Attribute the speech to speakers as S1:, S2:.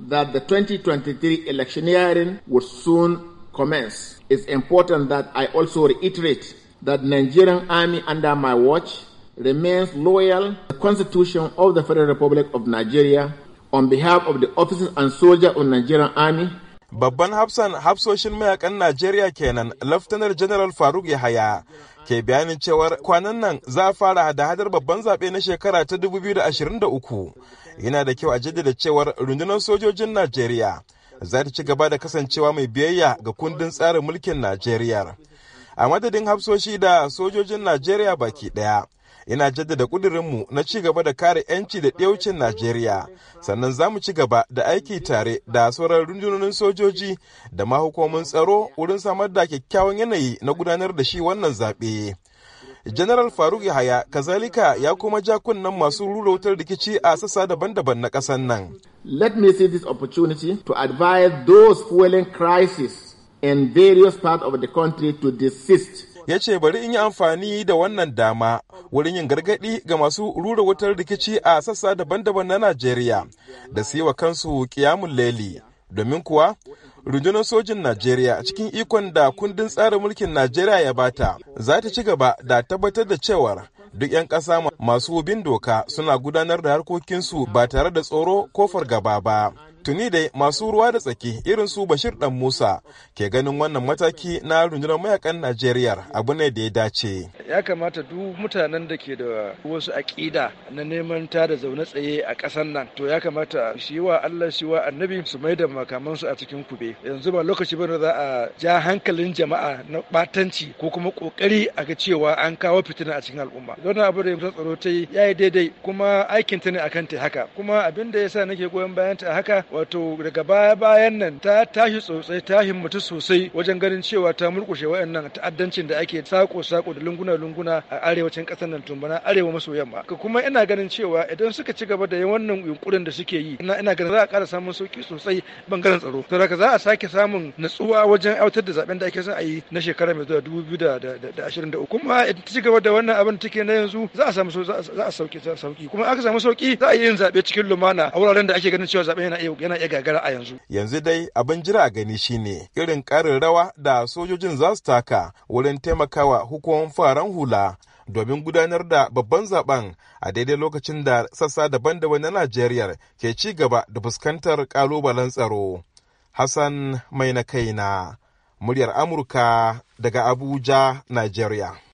S1: that the 2023 electioneering would soon commence. It's important that I also reiterate that Nigerian army under my watch remains loyal to the Constitution of the Federal Republic of Nigeria on behalf of the officers and soldiers of Nigerian army babban hafsan hafsoshin mayakan najeriya kenan
S2: laftanar general faruk yahaya ke bayanin cewar kwanan nan za a fara hada-hadar babban zaɓe na shekara ta 2023 yana da kyau a jaddada cewar rundunar sojojin najeriya za ta ci gaba da kasancewa mai biyayya ga kundin tsarin mulkin najeriya a madadin hafsoshi da sojojin najeriya baki ɗaya ina jaddada kudirinmu na ci gaba da kare 'yanci da ɗaucin najeriya sannan za mu ci gaba da aiki tare da sauran rundunonin sojoji da ma tsaro wurin samar da kyakkyawan yanayi na gudanar da shi wannan zaɓe General Faruk Yahaya kazalika ya
S1: kuma ja kunnen masu rura wutar rikici a sassa daban-daban na ƙasar nan. Let me see this opportunity to advise those fueling crisis in various parts of the country to desist ya ce bari in yi amfani da wannan dama wurin yin gargaɗi
S2: ga masu rura wutar rikici a sassa daban-daban na Najeriya da su yi wa kansu kiyamun leli. Domin kuwa, rundunar sojin Najeriya cikin ikon da kundin tsarin mulkin Najeriya ya bata za ta ci gaba da tabbatar da cewar duk 'yan ƙasa masu bin doka suna gudanar da harkokinsu ba tare da tsoro ko fargaba ba. tuni dai masu ruwa da tsaki irin su bashir dan musa ke ganin wannan mataki na rundunar mayakan najeriya abu ne da ya dace
S3: ya kamata duk mutanen da ke da wasu aƙida na neman ta da zaune tsaye a ƙasar nan to ya kamata shi wa Allah shi wa annabi su mai da makamansu a cikin kube yanzu ba lokaci ba za a ja hankalin jama'a na ɓatanci ko kuma kokari a ga cewa an kawo fitina a cikin al'umma don abu da ya tsaro ta yi ya yi daidai kuma aikin ta ne a kan ta haka kuma abin da ya sa nake goyon bayan ta haka wato daga baya bayan nan ta tashi tsotsai ta himmatu sosai wajen ganin cewa ta murkushe wayannan ta'addancin da ake sako sako da lunguna lunguna a arewacin ƙasar nan tumbana arewa maso yamma kuma ina ganin cewa idan suka ci gaba da wannan yunkurin da suke yi ina ganin za a ƙara samun sauki sosai bangaren tsaro saboda za a sake samun natsuwa wajen autar da zaben da ake son a yi na shekara mai zuwa dubu da da ashirin uku kuma idan ta ci gaba da wannan abin take na yanzu za a samu za a sauki za a sauki kuma aka samu sauki za a yi yin zaɓe cikin lumana a wuraren da ake ganin cewa zaben yana yana iya gagara a yanzu
S2: yanzu dai abin jira a gani shine irin karin rawa da sojojin za su taka wurin taimakawa hukumar fara fararen hula domin gudanar da babban zaben a daidai lokacin da sassa daban-daban na Najeriya ke ci gaba da fuskantar kalubalen tsaro. Hassan mai na kaina, muryar Amurka daga Abuja, Najeriya.